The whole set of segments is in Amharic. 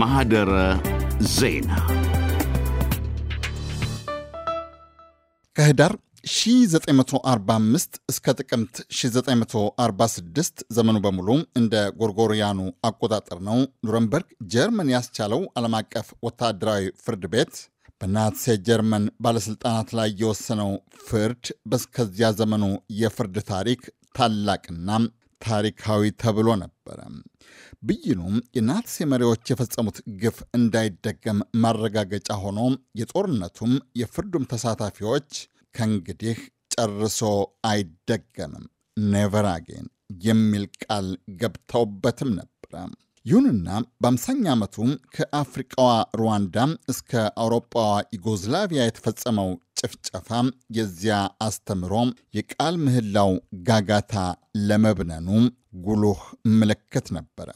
ማህደረ ዜና ከህዳር 1945 እስከ ጥቅምት 1946 ዘመኑ በሙሉ እንደ ጎርጎሪያኑ አቆጣጠር ነው። ኑረንበርግ ጀርመን ያስቻለው ዓለም አቀፍ ወታደራዊ ፍርድ ቤት በናትሴ ጀርመን ባለሥልጣናት ላይ የወሰነው ፍርድ በስከዚያ ዘመኑ የፍርድ ታሪክ ታላቅና ታሪካዊ ተብሎ ነበረ። ብይኑም የናትሴ መሪዎች የፈጸሙት ግፍ እንዳይደገም ማረጋገጫ ሆኖ የጦርነቱም የፍርዱም ተሳታፊዎች ከእንግዲህ ጨርሶ አይደገምም ኔቨር አጌን የሚል ቃል ገብተውበትም ነበረ። ይሁንና በአምሳኛ ዓመቱ ከአፍሪቃዋ ሩዋንዳ እስከ አውሮጳዋ ዩጎዝላቪያ የተፈጸመው ጭፍጨፋ፣ የዚያ አስተምሮ፣ የቃል ምህላው ጋጋታ ለመብነኑ ጉሉህ ምልክት ነበረ።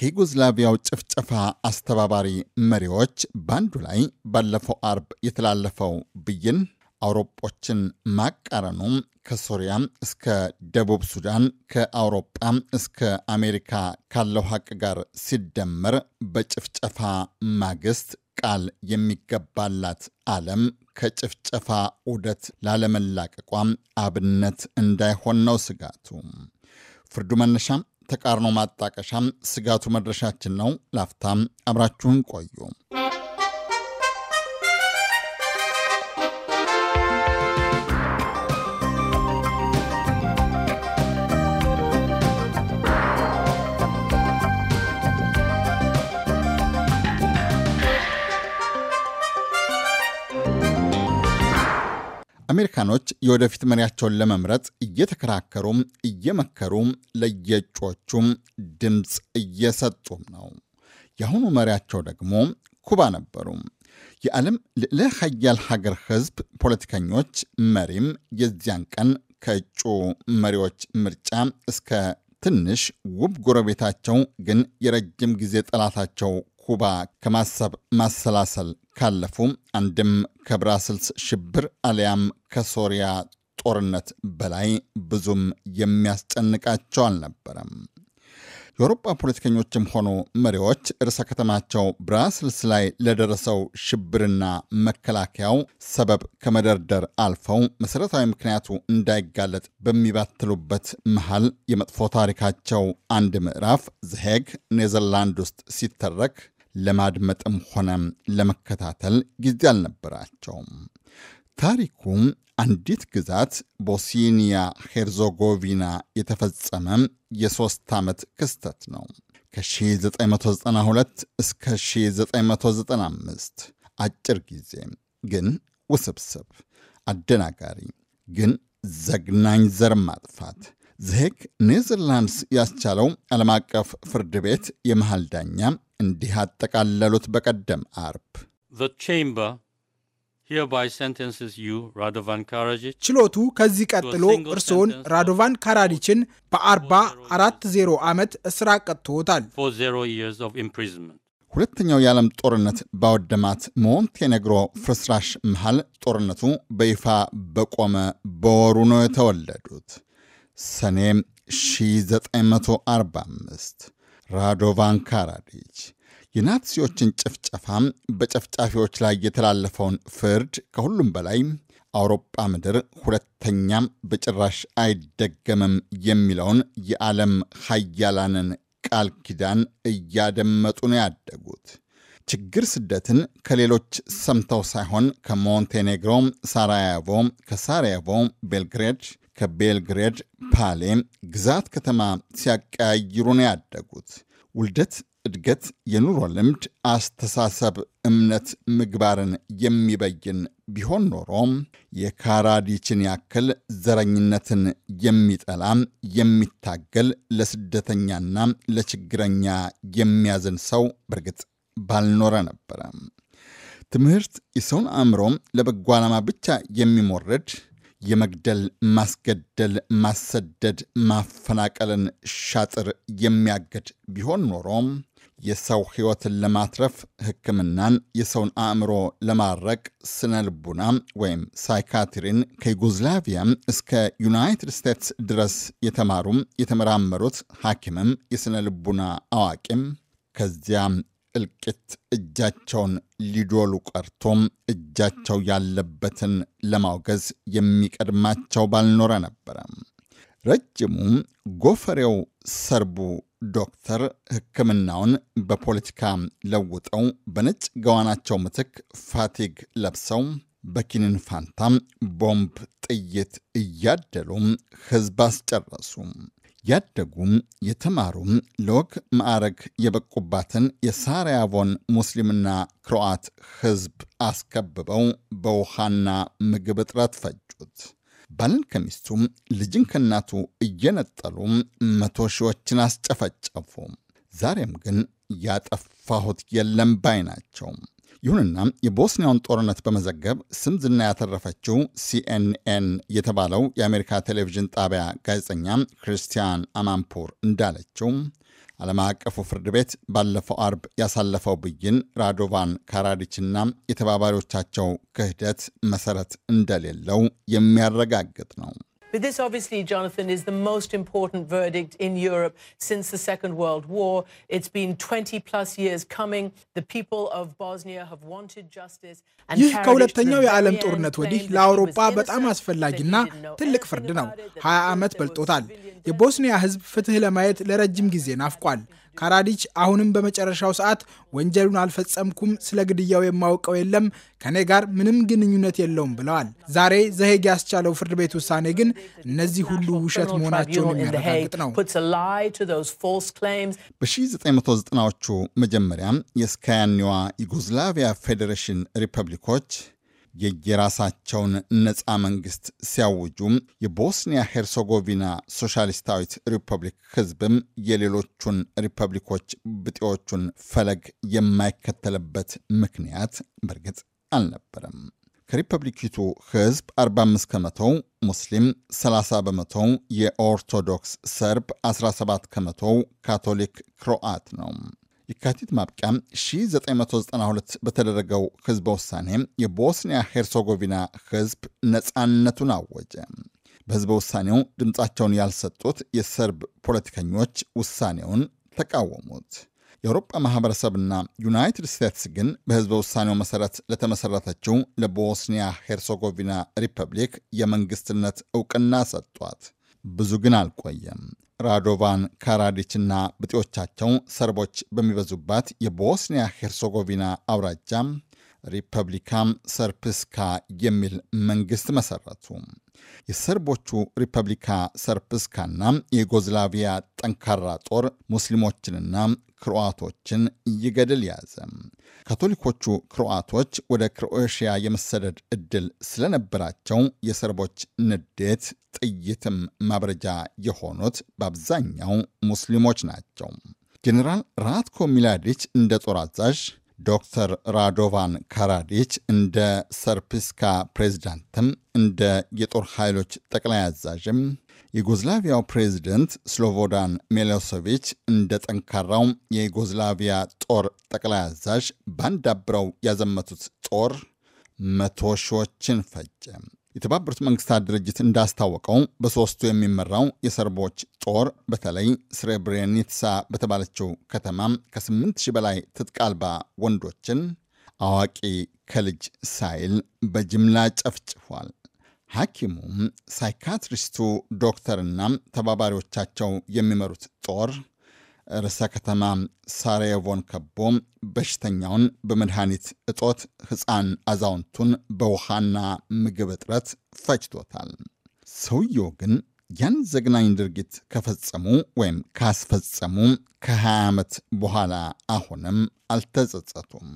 ከዩጎዝላቪያው ጭፍጨፋ አስተባባሪ መሪዎች በአንዱ ላይ ባለፈው አርብ የተላለፈው ብይን አውሮጶችን ማቃረኑ ከሶሪያ እስከ ደቡብ ሱዳን ከአውሮጳ እስከ አሜሪካ ካለው ሀቅ ጋር ሲደመር በጭፍጨፋ ማግስት ቃል የሚገባላት ዓለም ከጭፍጨፋ ዑደት ላለመላቀቋም አብነት እንዳይሆን ነው ስጋቱ። ፍርዱ መነሻም ተቃርኖ ማጣቀሻም ስጋቱ መድረሻችን ነው። ላፍታም አብራችሁን ቆዩ። አሜሪካኖች የወደፊት መሪያቸውን ለመምረጥ እየተከራከሩም እየመከሩም ለየጮቹም ድምፅ እየሰጡም ነው። የአሁኑ መሪያቸው ደግሞ ኩባ ነበሩ። የዓለም ልዕለ ሀያል ሀገር ህዝብ፣ ፖለቲከኞች መሪም የዚያን ቀን ከእጩ መሪዎች ምርጫ እስከ ትንሽ ውብ ጎረቤታቸው ግን የረጅም ጊዜ ጠላታቸው ኩባ ከማሰብ ማሰላሰል ካለፉ አንድም ከብራስልስ ሽብር አሊያም ከሶሪያ ጦርነት በላይ ብዙም የሚያስጨንቃቸው አልነበረም። የአውሮፓ ፖለቲከኞችም ሆኑ መሪዎች ርዕሰ ከተማቸው ብራስልስ ላይ ለደረሰው ሽብርና መከላከያው ሰበብ ከመደርደር አልፈው መሠረታዊ ምክንያቱ እንዳይጋለጥ በሚባትሉበት መሃል የመጥፎ ታሪካቸው አንድ ምዕራፍ ዘሄግ ኔዘርላንድ ውስጥ ሲተረክ ለማድመጥም ሆነ ለመከታተል ጊዜ አልነበራቸውም። ታሪኩም አንዲት ግዛት ቦስኒያ ሄርዞጎቪና የተፈጸመ የሦስት ዓመት ክስተት ነው። ከ1992 እስከ 1995 አጭር ጊዜ ግን ውስብስብ፣ አደናጋሪ ግን ዘግናኝ ዘር ማጥፋት ዘሄግ ኔዘርላንድስ ያስቻለው ዓለም አቀፍ ፍርድ ቤት የመሃል ዳኛ እንዲህ አጠቃለሉት። በቀደም አርብ ችሎቱ ከዚህ ቀጥሎ እርስዎን ራዶቫን ካራዲችን በአርባ አራት ፎ0 ዓመት እስራ ቀጥቶታል። ሁለተኛው የዓለም ጦርነት ባወደማት ሞንቴኔግሮ ፍርስራሽ መሃል ጦርነቱ በይፋ በቆመ በወሩ ነው የተወለዱት ሰኔም 1945 ራዶቫን ካራዲች ጭፍጨፋ ጭፍጨፋም በጨፍጫፊዎች ላይ የተላለፈውን ፍርድ ከሁሉም በላይ አውሮጳ ምድር ሁለተኛም በጭራሽ አይደገምም የሚለውን የዓለም ሀያላንን ቃል ኪዳን እያደመጡ ነው ያደጉት። ችግር ስደትን ከሌሎች ሰምተው ሳይሆን ከሞንቴኔግሮ፣ ሳራያቮ፣ ከሳራያቮ ቤልግሬድ፣ ከቤልግሬድ ፓሌ ግዛት ከተማ ሲያቀያይሩ ነው ያደጉት። ውልደት፣ እድገት፣ የኑሮ ልምድ፣ አስተሳሰብ፣ እምነት፣ ምግባርን የሚበይን ቢሆን ኖሮ የካራዲችን ያክል ዘረኝነትን የሚጠላ የሚታገል፣ ለስደተኛና ለችግረኛ የሚያዝን ሰው በርግጥ። ባልኖረ ነበረ። ትምህርት የሰውን አእምሮ ለበጎ ዓላማ ብቻ የሚሞረድ የመግደል፣ ማስገደል፣ ማሰደድ፣ ማፈናቀልን ሻጥር የሚያገድ ቢሆን ኖሮም የሰው ሕይወትን ለማትረፍ ሕክምናን፣ የሰውን አእምሮ ለማድረቅ ስነ ልቡና ወይም ሳይካትሪን ከዩጎዝላቪያ እስከ ዩናይትድ ስቴትስ ድረስ የተማሩም የተመራመሩት ሐኪምም የስነ ልቡና አዋቂም ከዚያም እልቂት እጃቸውን ሊዶሉ ቀርቶም እጃቸው ያለበትን ለማውገዝ የሚቀድማቸው ባልኖረ ነበረ። ረጅሙ ጎፈሬው ሰርቡ ዶክተር ሕክምናውን በፖለቲካ ለውጠው በነጭ ገዋናቸው ምትክ ፋቲግ ለብሰው በኪንን ፋንታ ቦምብ ጥይት እያደሉ ሕዝብ አስጨረሱ። ያደጉም የተማሩም ለወግ ማዕረግ የበቁባትን የሳራያቮን ሙስሊምና ክሮአት ሕዝብ አስከብበው በውሃና ምግብ እጥረት ፈጁት። ባልን ከሚስቱም ልጅን ከእናቱ እየነጠሉ መቶ ሺዎችን አስጨፈጨፉ። ዛሬም ግን ያጠፋሁት የለም ባይ ናቸው። ይሁንና የቦስኒያውን ጦርነት በመዘገብ ስም ዝና ያተረፈችው ሲኤንኤን የተባለው የአሜሪካ ቴሌቪዥን ጣቢያ ጋዜጠኛ ክርስቲያን አማንፖር እንዳለችው ዓለም አቀፉ ፍርድ ቤት ባለፈው አርብ ያሳለፈው ብይን ራዶቫን ካራዲችና የተባባሪዎቻቸው ክህደት መሰረት እንደሌለው የሚያረጋግጥ ነው። But this, obviously, Jonathan, is the most important verdict in Europe since the Second World War. It's been 20 plus years coming. The people of Bosnia have wanted justice. ይህ ከሁለተኛው የዓለም ጦርነት ወዲህ ለአውሮፓ በጣም አስፈላጊና ትልቅ ፍርድ ነው። 20 ዓመት በልጦታል። የቦስኒያ ሕዝብ ፍትህ ለማየት ለረጅም ጊዜ ናፍቋል። ካራዲች አሁንም በመጨረሻው ሰዓት ወንጀሉን አልፈጸምኩም፣ ስለ ግድያው የማውቀው የለም፣ ከኔ ጋር ምንም ግንኙነት የለውም ብለዋል። ዛሬ ዘሄግ ያስቻለው ፍርድ ቤት ውሳኔ ግን እነዚህ ሁሉ ውሸት መሆናቸውን የሚያረጋግጥ ነው። በ1990ዎቹ መጀመሪያም የስካያኒዋ ዩጎዝላቪያ ፌዴሬሽን ሪፐብሊኮች የየራሳቸውን ነፃ መንግስት ሲያውጁ የቦስኒያ ሄርሶጎቪና ሶሻሊስታዊት ሪፐብሊክ ህዝብም የሌሎቹን ሪፐብሊኮች ብጤዎቹን ፈለግ የማይከተልበት ምክንያት በእርግጥ አልነበረም። ከሪፐብሊኪቱ ህዝብ 45 ከመቶ ሙስሊም፣ 30 በመቶ የኦርቶዶክስ ሰርብ፣ 17 ከመቶ ካቶሊክ ክሮአት ነው። የካቲት ማብቂያ 1992 በተደረገው ህዝበ ውሳኔ የቦስኒያ ሄርሶጎቪና ህዝብ ነፃነቱን አወጀ። በህዝበ ውሳኔው ድምፃቸውን ያልሰጡት የሰርብ ፖለቲከኞች ውሳኔውን ተቃወሙት። የአውሮጳ ማህበረሰብና ዩናይትድ ስቴትስ ግን በህዝበ ውሳኔው መሠረት ለተመሠረተችው ለቦስኒያ ሄርሶጎቪና ሪፐብሊክ የመንግሥትነት ዕውቅና ሰጧት። ብዙ ግን አልቆየም። ራዶቫን ካራዲችና ብጤዎቻቸው ሰርቦች በሚበዙባት የቦስኒያ ሄርሶጎቪና አውራጃ ሪፐብሊካም ሰርፕስካ የሚል መንግስት መሰረቱ። የሰርቦቹ ሪፐብሊካ ሰርፕስካና የዩጎዝላቪያ ጠንካራ ጦር ሙስሊሞችንና ክሮአቶችን ይገድል ያዘ። ካቶሊኮቹ ክሮአቶች ወደ ክሮኤሽያ የመሰደድ ዕድል ስለነበራቸው የሰርቦች ንዴት ጥይትም ማብረጃ የሆኑት በአብዛኛው ሙስሊሞች ናቸው። ጄኔራል ራትኮ ሚላዲች እንደ ጦር አዛዥ ዶክተር ራዶቫን ካራዲች እንደ ሰርፒስካ ፕሬዝዳንትም እንደ የጦር ኃይሎች ጠቅላይ አዛዥም የዩጎዝላቪያው ፕሬዚደንት ስሎቮዳን ሚሎሴቪች እንደ ጠንካራው የዩጎዝላቪያ ጦር ጠቅላይ አዛዥ ባንዳብረው ያዘመቱት ጦር መቶ ሺዎችን ፈጀ። የተባበሩት መንግስታት ድርጅት እንዳስታወቀው በሦስቱ የሚመራው የሰርቦች ጦር በተለይ ስሬብሬኒትሳ በተባለችው ከተማ ከ8000 በላይ ትጥቅ አልባ ወንዶችን አዋቂ ከልጅ ሳይል በጅምላ ጨፍጭፏል። ሐኪሙም ሳይካትሪስቱ ዶክተርና ተባባሪዎቻቸው የሚመሩት ጦር ርዕሰ ከተማ ሳራየቮን ከቦ በሽተኛውን በመድኃኒት እጦት ሕፃን አዛውንቱን በውሃና ምግብ እጥረት ፈጅቶታል። ሰውየው ግን ያን ዘግናኝ ድርጊት ከፈጸሙ ወይም ካስፈጸሙ ከ20 ዓመት በኋላ አሁንም አልተጸጸቱም።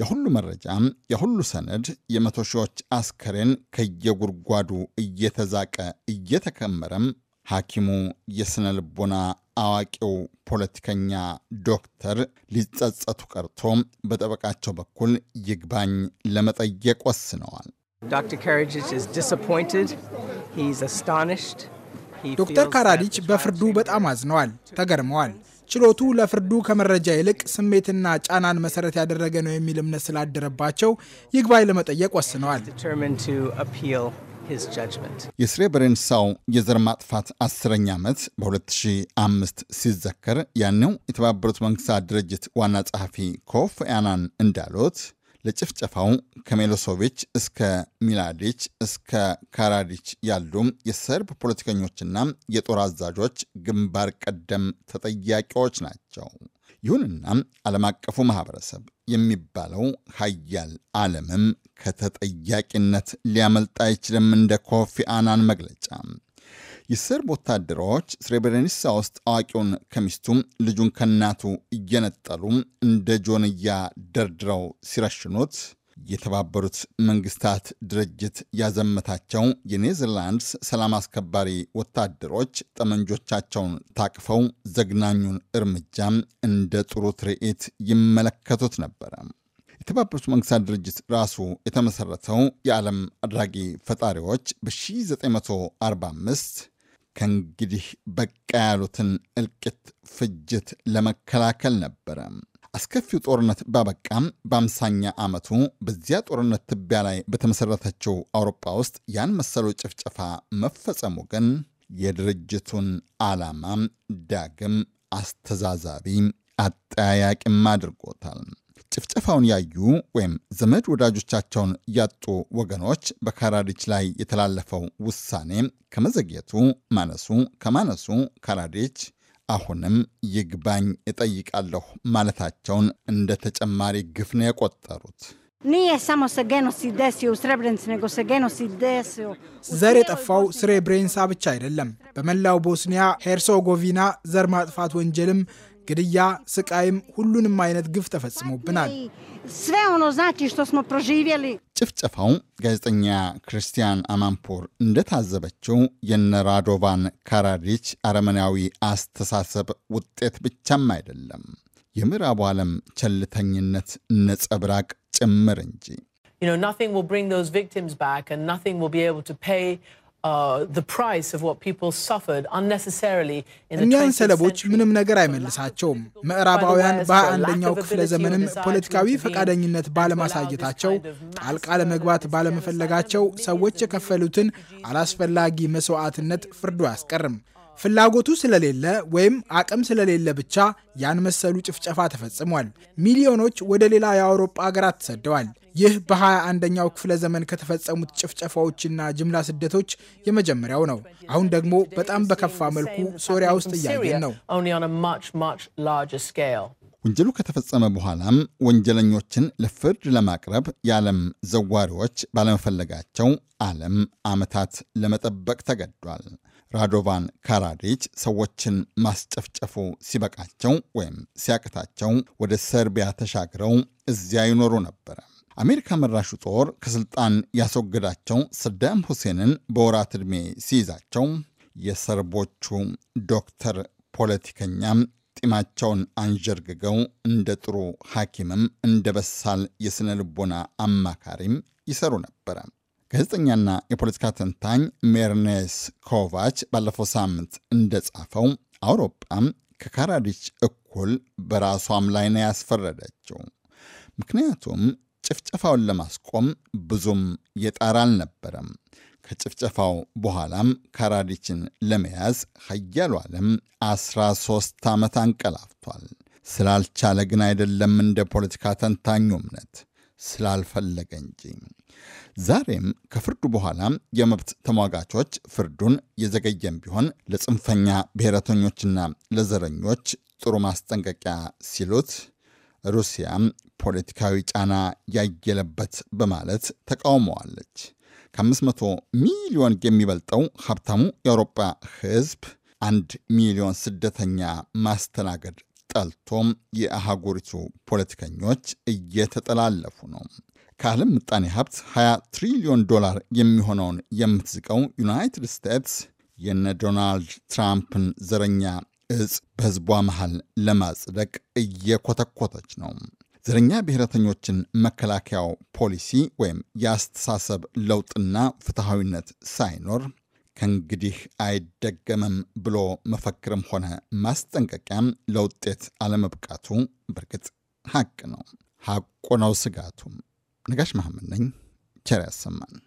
የሁሉ መረጃ፣ የሁሉ ሰነድ፣ የመቶ ሺዎች አስከሬን ከየጉድጓዱ እየተዛቀ እየተከመረም ሐኪሙ፣ የሥነ ልቦና አዋቂው ፖለቲከኛ ዶክተር ሊጸጸቱ ቀርቶ በጠበቃቸው በኩል ይግባኝ ለመጠየቅ ወስነዋል። ዶክተር ካራዲች በፍርዱ በጣም አዝነዋል፣ ተገርመዋል። ችሎቱ ለፍርዱ ከመረጃ ይልቅ ስሜትና ጫናን መሰረት ያደረገ ነው የሚል እምነት ስላደረባቸው ይግባኝ ለመጠየቅ ወስነዋል። የስሬብሬንሳው የዘር ማጥፋት አስረኛ ዓመት በ2005 ሲዘከር ያኔው የተባበሩት መንግስታት ድርጅት ዋና ጸሐፊ ኮፍ አናን እንዳሉት ለጭፍጨፋው ከሜሎሶቪች እስከ ሚላዲች እስከ ካራዲች ያሉ የሰርብ ፖለቲከኞችና የጦር አዛዦች ግንባር ቀደም ተጠያቂዎች ናቸው። ይሁንና ዓለም አቀፉ ማህበረሰብ የሚባለው ሀያል ዓለምም ከተጠያቂነት ሊያመልጥ አይችልም። እንደ ኮፊ አናን መግለጫ የሰርብ ወታደሮች ስሬብሬኒሳ ውስጥ አዋቂውን ከሚስቱ ልጁን ከእናቱ እየነጠሉ እንደ ጆንያ ደርድረው ሲረሽኑት የተባበሩት መንግስታት ድርጅት ያዘመታቸው የኔዘርላንድስ ሰላም አስከባሪ ወታደሮች ጠመንጆቻቸውን ታቅፈው ዘግናኙን እርምጃም እንደ ጥሩ ትርኢት ይመለከቱት ነበረ። የተባበሩት መንግስታት ድርጅት ራሱ የተመሠረተው የዓለም አድራጊ ፈጣሪዎች በ1945 ከእንግዲህ በቃ ያሉትን እልቂት፣ ፍጅት ለመከላከል ነበረ። አስከፊው ጦርነት ባበቃም በአምሳኛ ዓመቱ በዚያ ጦርነት ትቢያ ላይ በተመሠረተችው አውሮፓ ውስጥ ያን መሰሉ ጭፍጨፋ መፈጸሙ ግን የድርጅቱን ዓላማ ዳግም አስተዛዛቢ አጠያያቂም አድርጎታል። ጭፍጨፋውን ያዩ ወይም ዘመድ ወዳጆቻቸውን ያጡ ወገኖች በካራዲች ላይ የተላለፈው ውሳኔ ከመዘግየቱ ማነሱ ከማነሱ ካራዲች አሁንም ይግባኝ እጠይቃለሁ ማለታቸውን እንደ ተጨማሪ ግፍ ነው የቆጠሩት። ዘር የጠፋው ስሬብሬንሳ ብቻ አይደለም። በመላው ቦስኒያ ሄርሶጎቪና ዘር ማጥፋት ወንጀልም ግድያ፣ ስቃይም ሁሉንም አይነት ግፍ ተፈጽሞብናል። ጭፍጨፋው ጋዜጠኛ ክርስቲያን አማንፖር እንደታዘበችው የነራዶቫን ካራዲች አረመናዊ አስተሳሰብ ውጤት ብቻም አይደለም፣ የምዕራቡ ዓለም ቸልተኝነት ነጸብራቅ ጭምር እንጂ Uh, እኒያን ሰለቦች ምንም ነገር አይመልሳቸውም። ምዕራባውያን በ21ኛው ክፍለ ዘመንም ፖለቲካዊ ፈቃደኝነት ባለማሳየታቸው፣ ጣልቃ ለመግባት ባለመፈለጋቸው ሰዎች የከፈሉትን አላስፈላጊ መስዋዕትነት ፍርዱ አያስቀርም። ፍላጎቱ ስለሌለ ወይም አቅም ስለሌለ ብቻ ያን መሰሉ ጭፍጨፋ ተፈጽሟል። ሚሊዮኖች ወደ ሌላ የአውሮፓ ሀገራት ተሰደዋል። ይህ በሃያ አንደኛው ክፍለ ዘመን ከተፈጸሙት ጭፍጨፋዎችና ጅምላ ስደቶች የመጀመሪያው ነው። አሁን ደግሞ በጣም በከፋ መልኩ ሶሪያ ውስጥ እያየን ነው። ወንጀሉ ከተፈጸመ በኋላም ወንጀለኞችን ለፍርድ ለማቅረብ የዓለም ዘዋሪዎች ባለመፈለጋቸው ዓለም ዓመታት ለመጠበቅ ተገዷል። ራዶቫን ካራዲች ሰዎችን ማስጨፍጨፉ ሲበቃቸው ወይም ሲያቅታቸው ወደ ሰርቢያ ተሻግረው እዚያ ይኖሩ ነበረ። አሜሪካ መራሹ ጦር ከስልጣን ያስወገዳቸው ሰዳም ሁሴንን በወራት ዕድሜ ሲይዛቸው የሰርቦቹ ዶክተር ፖለቲከኛም ጢማቸውን አንዠርግገው እንደ ጥሩ ሐኪምም እንደ በሳል የሥነ ልቦና አማካሪም ይሰሩ ነበረ። ጋዜጠኛና የፖለቲካ ተንታኝ ሜርኔስ ኮቫች ባለፈው ሳምንት እንደጻፈው አውሮፓ ከካራዲች እኩል በራሷም ላይ ነው ያስፈረደችው። ምክንያቱም ጭፍጨፋውን ለማስቆም ብዙም የጣር አልነበረም። ከጭፍጨፋው በኋላም ካራዲችን ለመያዝ ሀያሉ ዓለም 13 ዓመት አንቀላፍቷል። ስላልቻለ ግን አይደለም እንደ ፖለቲካ ተንታኙ እምነት ስላልፈለገ እንጂ። ዛሬም ከፍርዱ በኋላ የመብት ተሟጋቾች ፍርዱን የዘገየም ቢሆን ለጽንፈኛ ብሔረተኞችና ለዘረኞች ጥሩ ማስጠንቀቂያ ሲሉት ሩሲያም ፖለቲካዊ ጫና ያየለበት በማለት ተቃውመዋለች። ከ500 ሚሊዮን የሚበልጠው ሀብታሙ የአውሮፓ ሕዝብ አንድ ሚሊዮን ስደተኛ ማስተናገድ ጠልቶም የአህጉሪቱ ፖለቲከኞች እየተጠላለፉ ነው። ከዓለም ምጣኔ ሀብት 20 ትሪሊዮን ዶላር የሚሆነውን የምትዝቀው ዩናይትድ ስቴትስ የነ ዶናልድ ትራምፕን ዘረኛ እጽ በህዝቧ መሃል ለማጽደቅ እየኮተኮተች ነው። ዘረኛ ብሔረተኞችን መከላከያው ፖሊሲ ወይም የአስተሳሰብ ለውጥና ፍትሐዊነት ሳይኖር ከእንግዲህ አይደገምም ብሎ መፈክርም ሆነ ማስጠንቀቂያም ለውጤት አለመብቃቱ በእርግጥ ሀቅ ነው። ሀቁ ነው ስጋቱም። ነጋሽ መሐመድ ነኝ። ቸር ያሰማን።